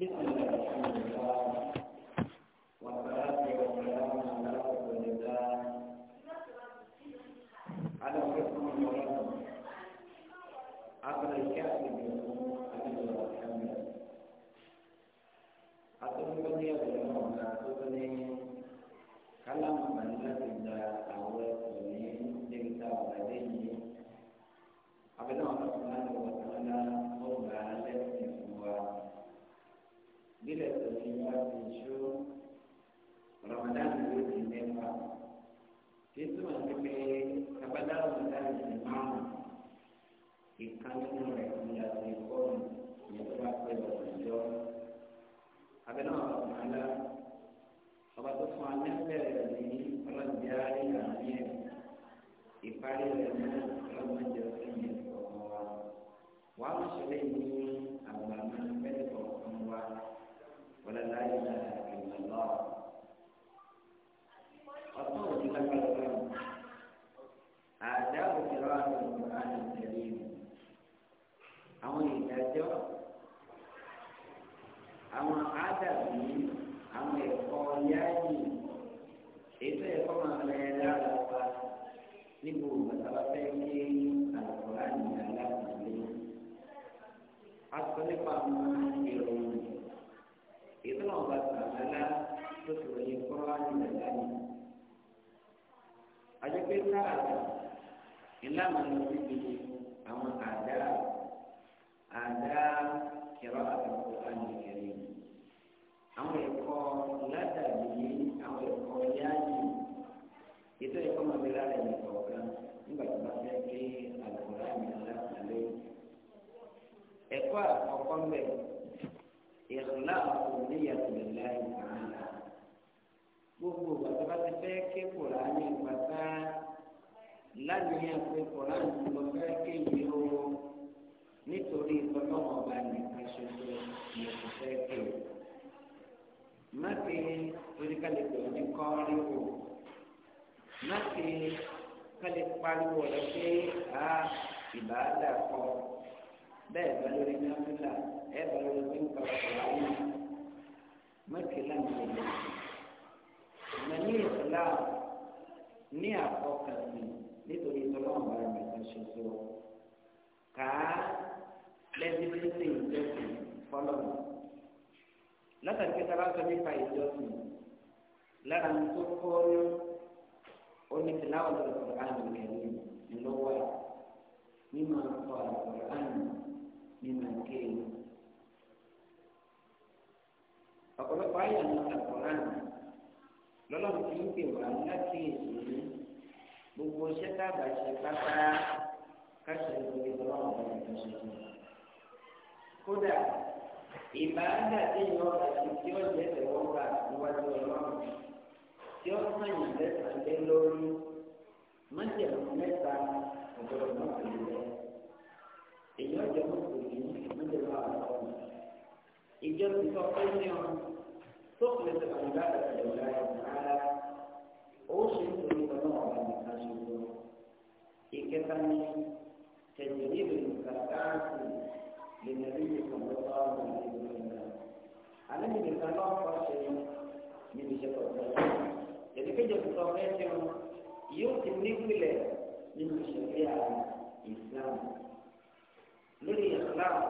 بسم الله fún abẹ́bẹ̀rẹ̀ ní ọlọ́dẹ àríyá yẹn ìparí rẹ̀ ní ọlọ́mọdé ọ̀sẹ̀yìn ọ̀kan wa wàá lọ́sọ̀rọ̀ ní àgbà máa ń bẹ́ẹ̀ kọ̀ọ̀kan wa wọlé láyé náà ìmọ̀lọ́ ọ̀tún òní lágbára wọn àdá òkèrè àwọn ọ̀gbọ̀n àti ìtẹ̀lé àwọn ìdájọ́ àwọn àádàbí. níbo bàtàbà fẹ́ kí àlùkòrá nìyà lábùlé. a sọ nípa àwọn ìròyìn ètò náà bá sàmẹ́lá tó ti ròyìn kọ́ra nìyà lánìí. àjẹpẹ́ sáà ìlànà àkọ́kọ́ ń bẹ̀ ìrìnlá òníyà tòlélá ìgbàlá gbogbo bàtà bá ti fẹ́ ké kùránì bàtà lánìyàn pé kùránì ló fẹ́ ké yìí o nítorí ìtọ́lọ́wọ́ bá nìkan ṣoṣo ní kò fẹ́ ké o. má ní kọ́rí o má kálí pariwo rẹ pé a ìbáàdà kọ́ bẹ́ẹ̀ bá lórí náfìlà ẹ bá lórí pé ń ka ọ̀rọ̀ ayé mẹ́kìlá nìyẹn ìmọ̀ ní ìsìlá ní àkọkànmí nítorí tọ́lọ́mù bá rẹ̀ kan ṣoṣo kà á lẹ́sí tí ń sìn ìjọsìn fọlọ́mù látàrí pé tábà sọ nípa ìjọsìn lára ń tó kọ́ ọ́ onífìlà ọ̀dọ̀ ọ̀rọ̀ àmì kẹ́lẹ́ ńlọ́wọ́ nínú àkọ́ àkọ́ àmì nínú kéèyàn. ọ̀pọ̀lọpọ̀ àyà ní àkọ́rá nù lọ́lọ́run ti ń pè wá láti èsì ní gbogbo iṣẹ́ tábà ṣe pátá káṣẹ́ lórí ọlọ́run ọ̀rọ̀ ìtọ́sọ́sọ́. kódà ìbáradà tí ìyá ọba ti tí ó jẹ́ tẹ̀wọ́ gbà níwájú ọlọ́run tí ó sàyìn lẹ́sàn-án lé lórí mọ́tẹ̀mú mẹ́ta ọ̀gbọ́dọ̀ náà lè lẹ́yìn èyí ọjọ́ mọ́tò yìí níbi bá a lọ wọn. ìjọ ti sọ pé ní ọ tó kìlẹ̀ tó kàn bá ẹ̀sẹ̀ ìlà ìlànà ó ṣe ń torí ọ̀nà ọ̀gá nìkan ṣubú. ìkẹta ni tẹ̀lé ìlú kàkàǹtì lè nàbí ìkọ̀ lọ́wọ́ àwọn ìlú ìlú alẹ́ nìkan lọ́wọ́ kọ́ ṣe níbi iṣẹ́ kọ̀ọ̀kan. ìdíkejì ti sọ pé ní ọ yóò ti nípìnlẹ̀ lórí ìsìláàmù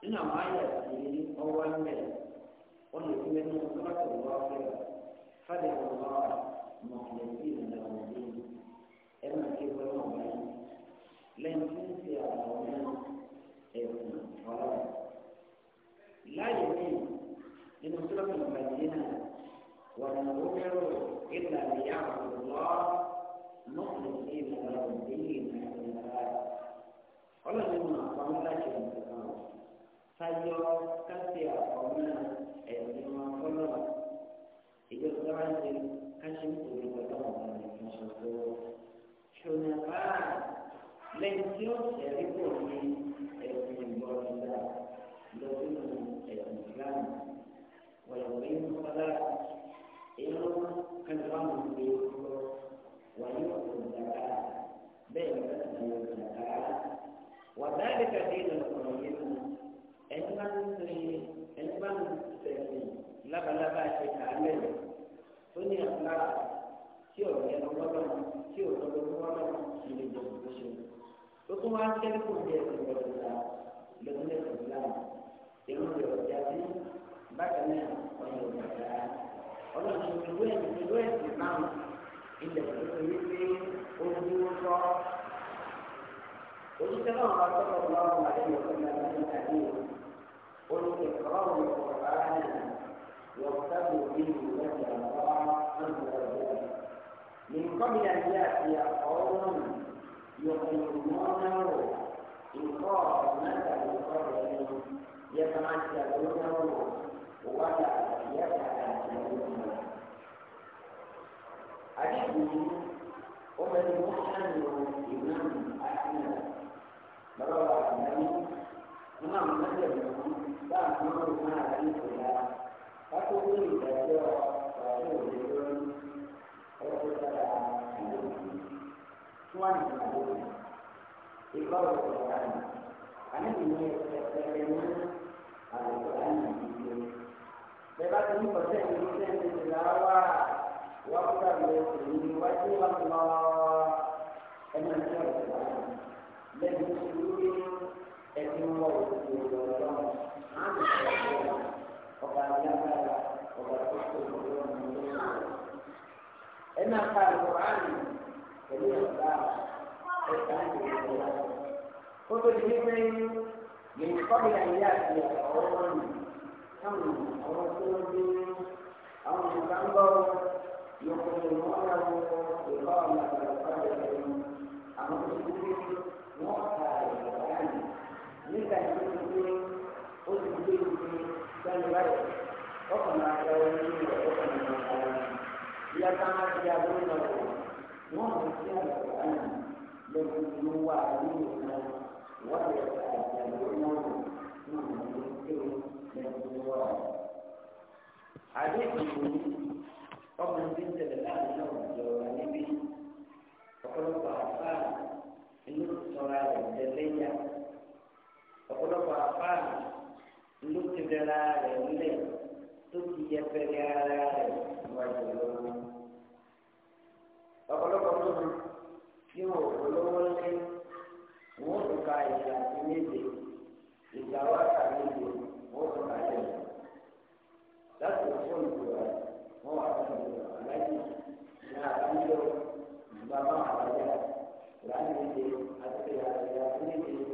nínú àwọn àyà ìdílé ọwọ́ ńlẹ̀ wọ́n lè fi mẹ́nu sọ́kàtà ìwà ọ̀fẹ́ fàdé ọ̀rọ̀ mọ̀kìlẹ̀ sí ìrìnà òde ẹ̀ máa ké wọ́n wọ̀ báyìí lẹ́yìn tí ń ṣe àwọn náà ẹ̀sìn ọ̀rọ̀ láyé ní nínú sọ́kàtà ìwà ìdílé náà wọ́n ń wọ́pẹ́rọ ìlànà ìyá àwọn ọ̀rọ̀ mọ̀kìlẹ̀ sí ìrìnà òde ìrìnà ìrìnà ọlọ́run mọ àwọn láti ọ̀nà kan sáyọ káṣí àkọ́mọ́ ẹ̀sìn wọn fọlọ́ ìjọ tó káṣí ń tòun pẹ̀lú ọ̀gá nìkan ṣoṣo ṣùnàbá lẹ́yìn tí ó ṣẹ̀rí pò ní ẹ̀sìn ìgbọ́nìlá lọ́sínú ẹ̀sìn ìsìlámù wọ̀lọ̀wọ̀ yìí ń kọ́lá ìlú kan tó ń gbé wọ́n yóò. وذلك دين القيم أنمن أنمن سيدي لبا لبا شكاين فني أخلاق tí o yẹ lọ lọ́dọ̀ tí o lọ lọ́dọ̀ lọ́dọ̀ tí o lè jẹ òkú ṣe. ó tún wáá kẹ́lẹ́ kó jẹ ìgbà ìgbà lọ́dún lè fún ìlànà èrò rẹ̀ ọ̀jà sí bákan náà ọ̀yọ̀ ìgbàgbà. ọlọ́run ìlú ẹ̀ ìlú ẹ̀ sì máa ń ilẹ̀ tó ti wí pé ó dúró sọ́ọ́. وجدت ما صلى الله عليه وسلم من الحديث قل اقرأوا القرآن واقتدوا به وجه الله عز وجل من قبل أن يأتي قوم يقيمونه إنكار مثل قوم يتمثلونه ولا يتعلمونه حديث ومن محمد إمام أحمد bàbá wa àgbà ní nínú àwọn mẹ́jọ ìlú bá àwọn ọmọ ìlú náà rí ìlà kátó ní ìdájọ́ ọ̀rọ̀ òde lórí ọwọ́ tó dára ìlú tí wọ́n ní ìlú ìgbà òde ọ̀rọ̀ àná àní ìlú ẹ̀ẹ́dẹ́gbẹ̀rẹ̀ ní àlùkò àná ìlú bẹ́ẹ̀ bá ti ní kọ̀tẹ́ ìlú sẹ́ńtì ìlà wá wọ́n kúrò àgbẹ̀ ìlú wájú wọn lọ ẹ̀mọ́ ìjọba lẹ́yìn tó إما قال القرآن جميع الأخبار كتب الهمم من قبل أن يأتي قوم هم رسول أو تنظر يقيمونه إقامة القدر أم مسلم مؤخر القرآن nígbà tí ó ti gbé ó ti gbé ìgbé gbẹ́nu báyìí ọkàn máa ya orí rẹ̀ ọkàn máa ya orí rẹ̀ ìyá ká máa ti ya lórí náà wọ̀ wọ́n sí àgbàdo àná lórí ìlú wa nínú ìlú wọ́n lè ta àjà lórí náà wọ̀ nínú ìlú kéwì lẹ́yìn ìlú wa. àdéhùn yìí ọkùnrin tí ń láàrin náà jọ wà níbí ọ̀pọ̀lọpọ̀ àfáà inú sọ̀rọ̀ rẹ̀ ọ̀pọ̀lọpọ̀ àfáàní ló ti dẹ́ra rẹ̀ nílẹ̀ tó ti yẹ fẹ́rẹ́ ara rẹ̀ níwájú ọlọ́wọ́. ọ̀pọ̀lọpọ̀ lóru tí wọn ò lówó lé wọn ò ka ìgbà sí méje ìgbà wá kà méje wọn ò ka lẹ̀ láti fún ìgbà wọn wà fún ìgbà aláìsí ní àbújọ bàbá àbájá láti méje àti ìgbà sí méje.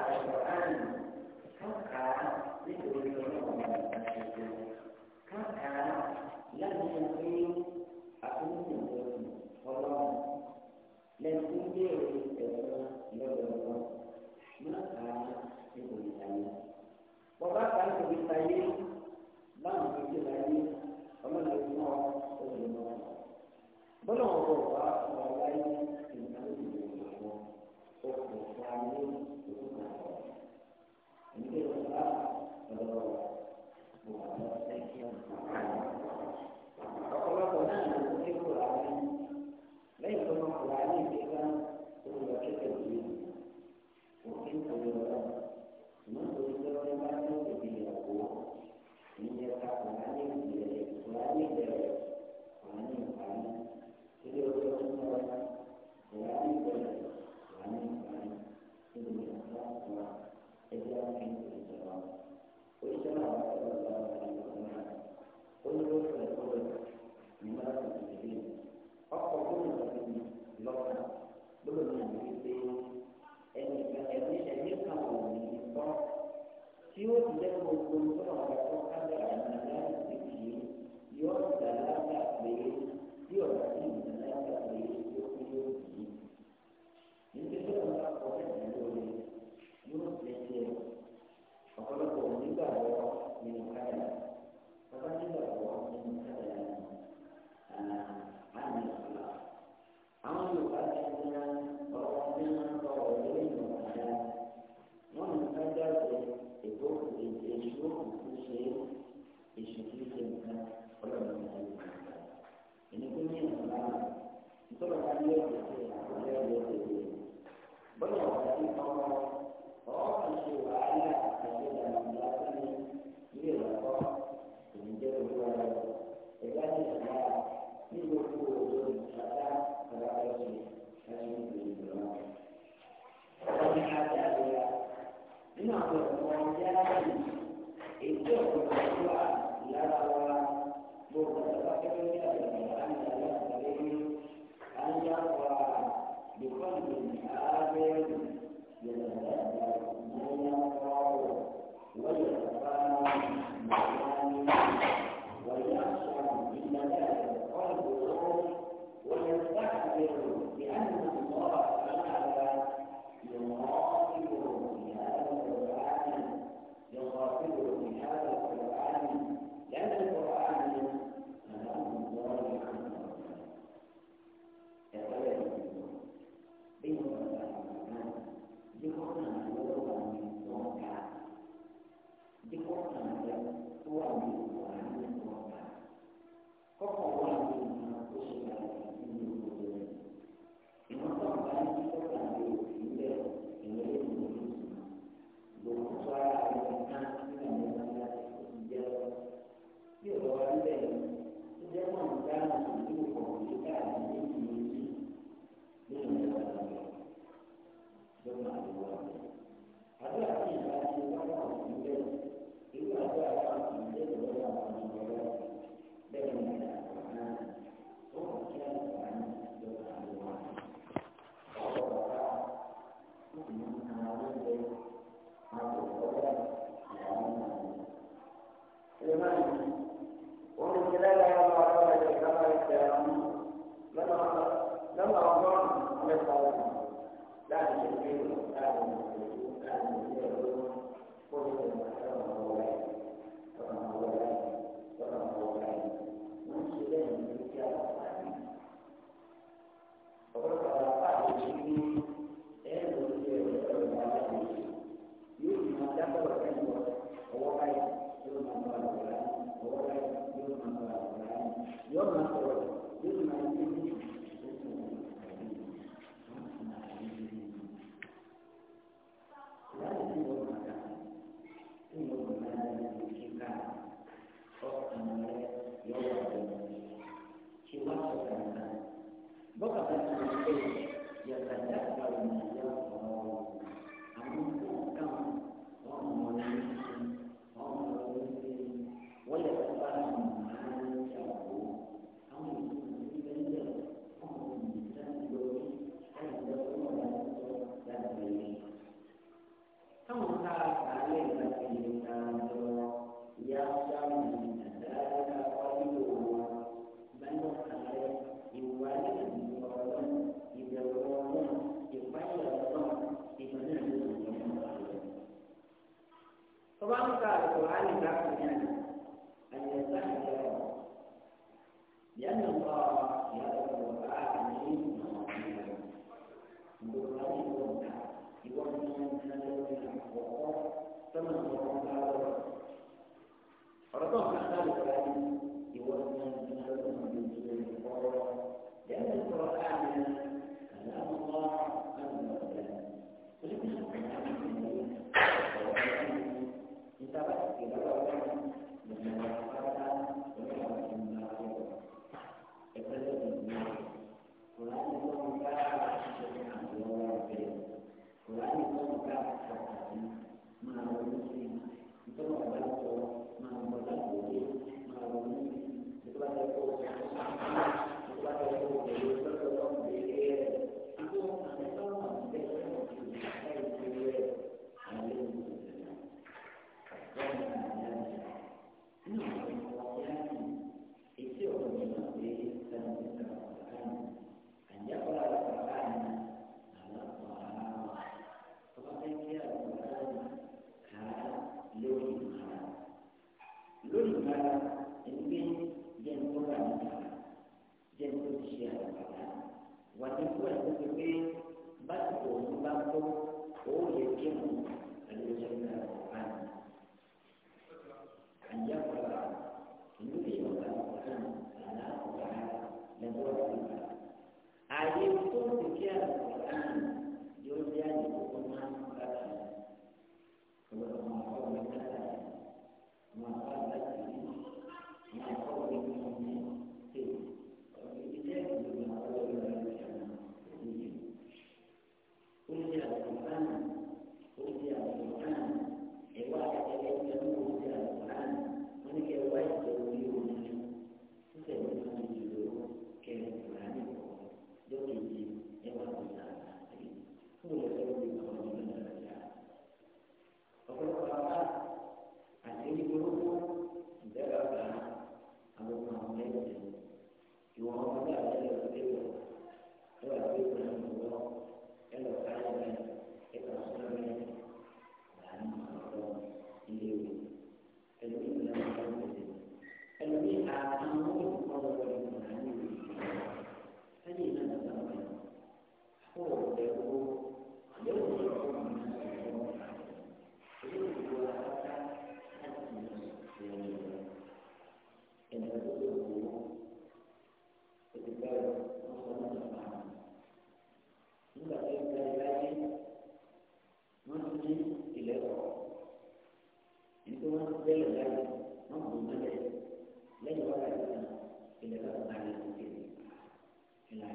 no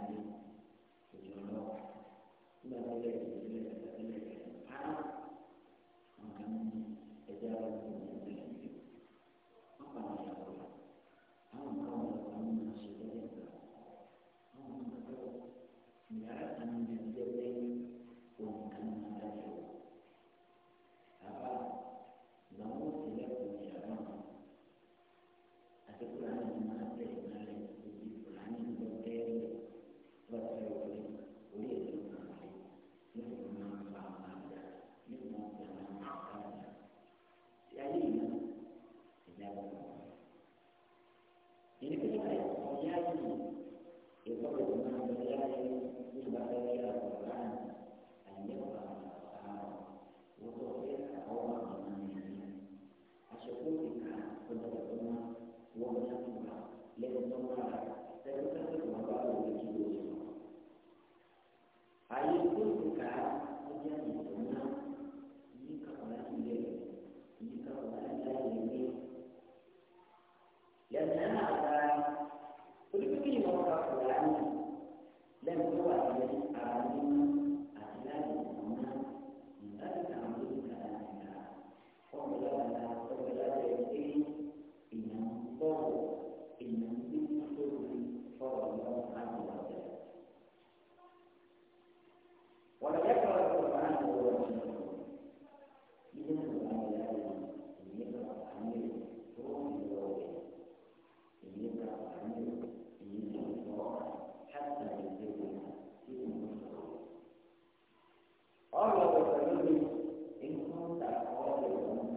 ayé òjò náà nígbà tó lẹ́yìn ìdílé ta ọ̀rọ̀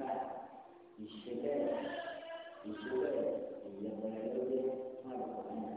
nígbà ìṣẹ̀lẹ̀ ìṣẹ̀lẹ̀ ìyẹpẹrẹ lóde fún àlùkò náà.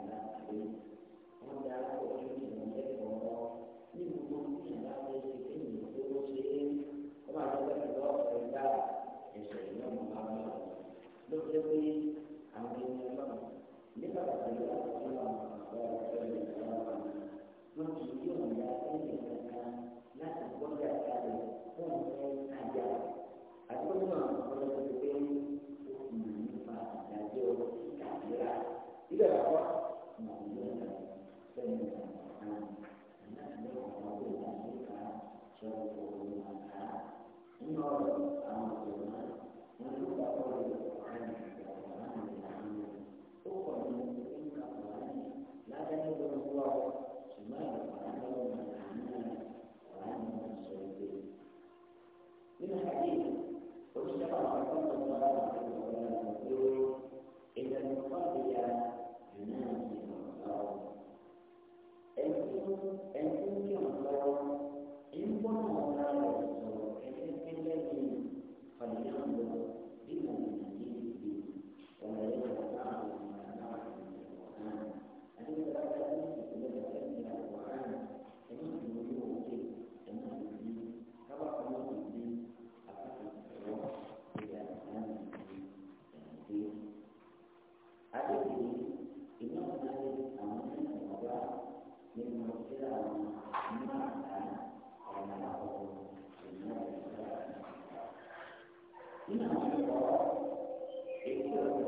nínú àwọn ẹ̀kọ́ èyí tí ó ti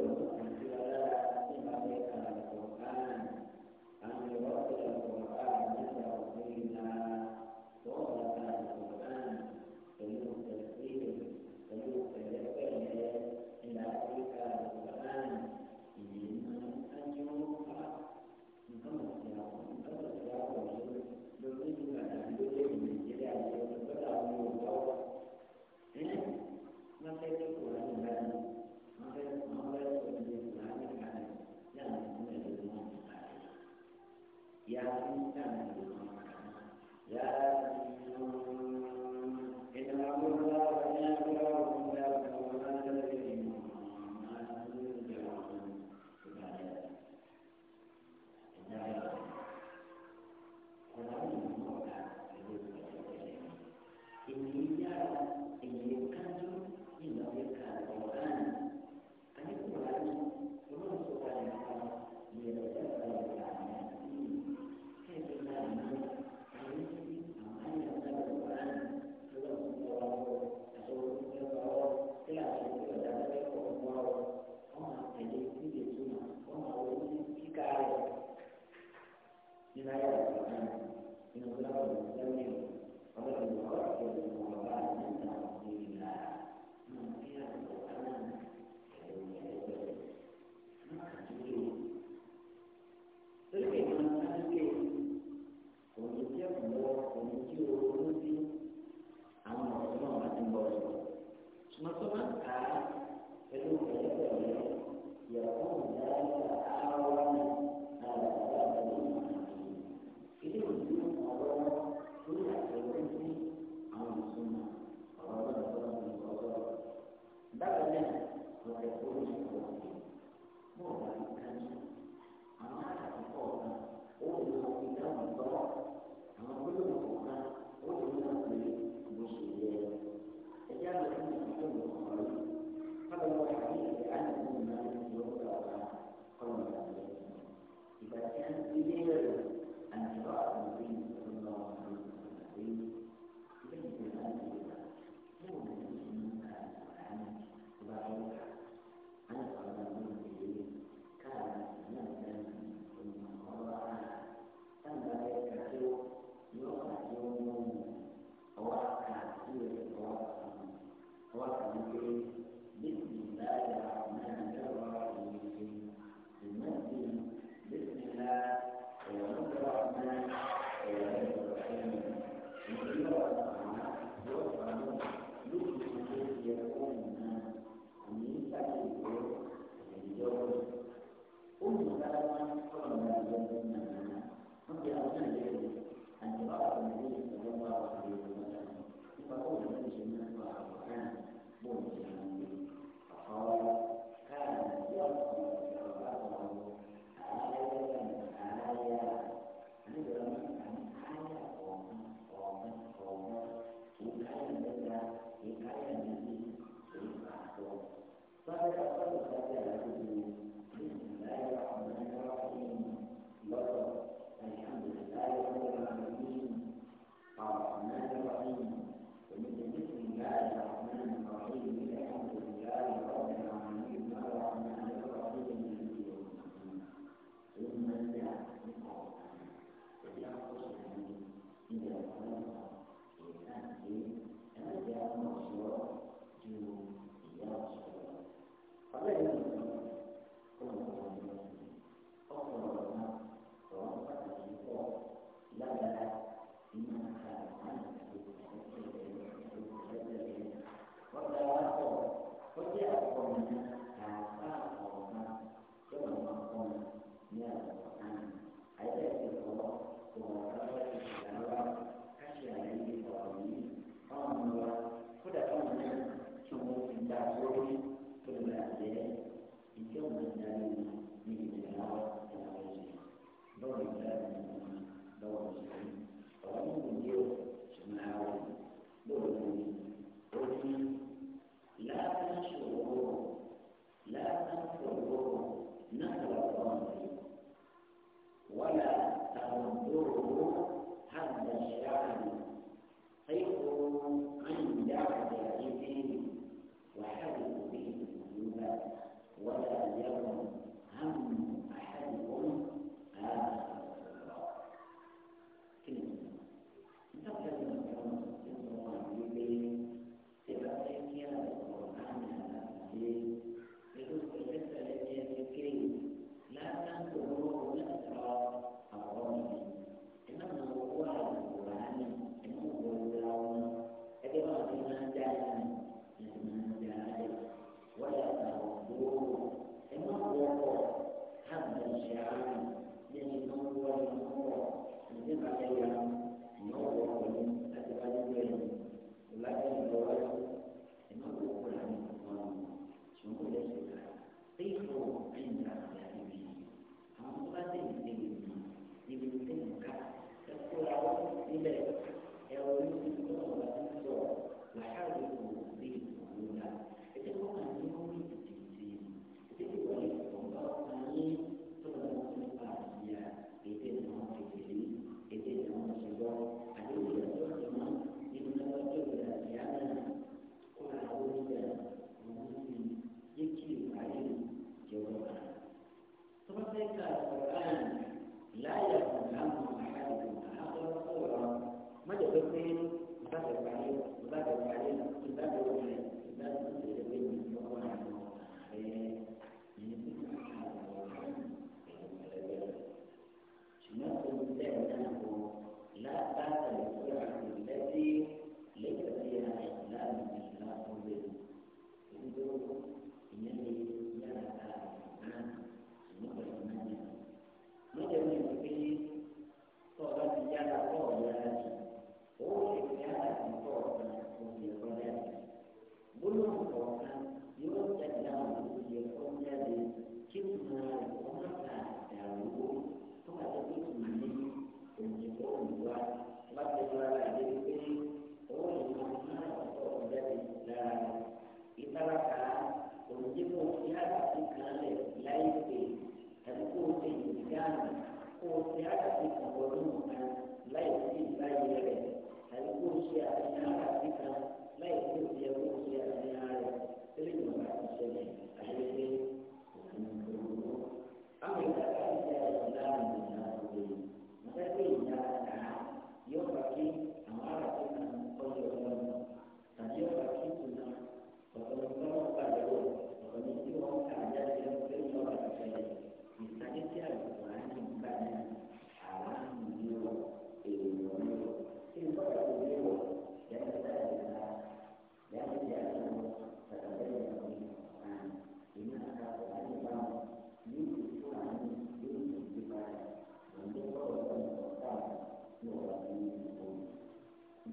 kó o ṣe kan láì sí ìbáyé rẹ̀ àbí kó o ṣe àfihàn kan láì sí ìṣe kó o ṣe àfihàn rẹ̀ tẹ́lẹ̀ ìjọba àti ìṣẹ̀lẹ̀ àyẹ̀yẹ ìlànà ìgbòho. àwọn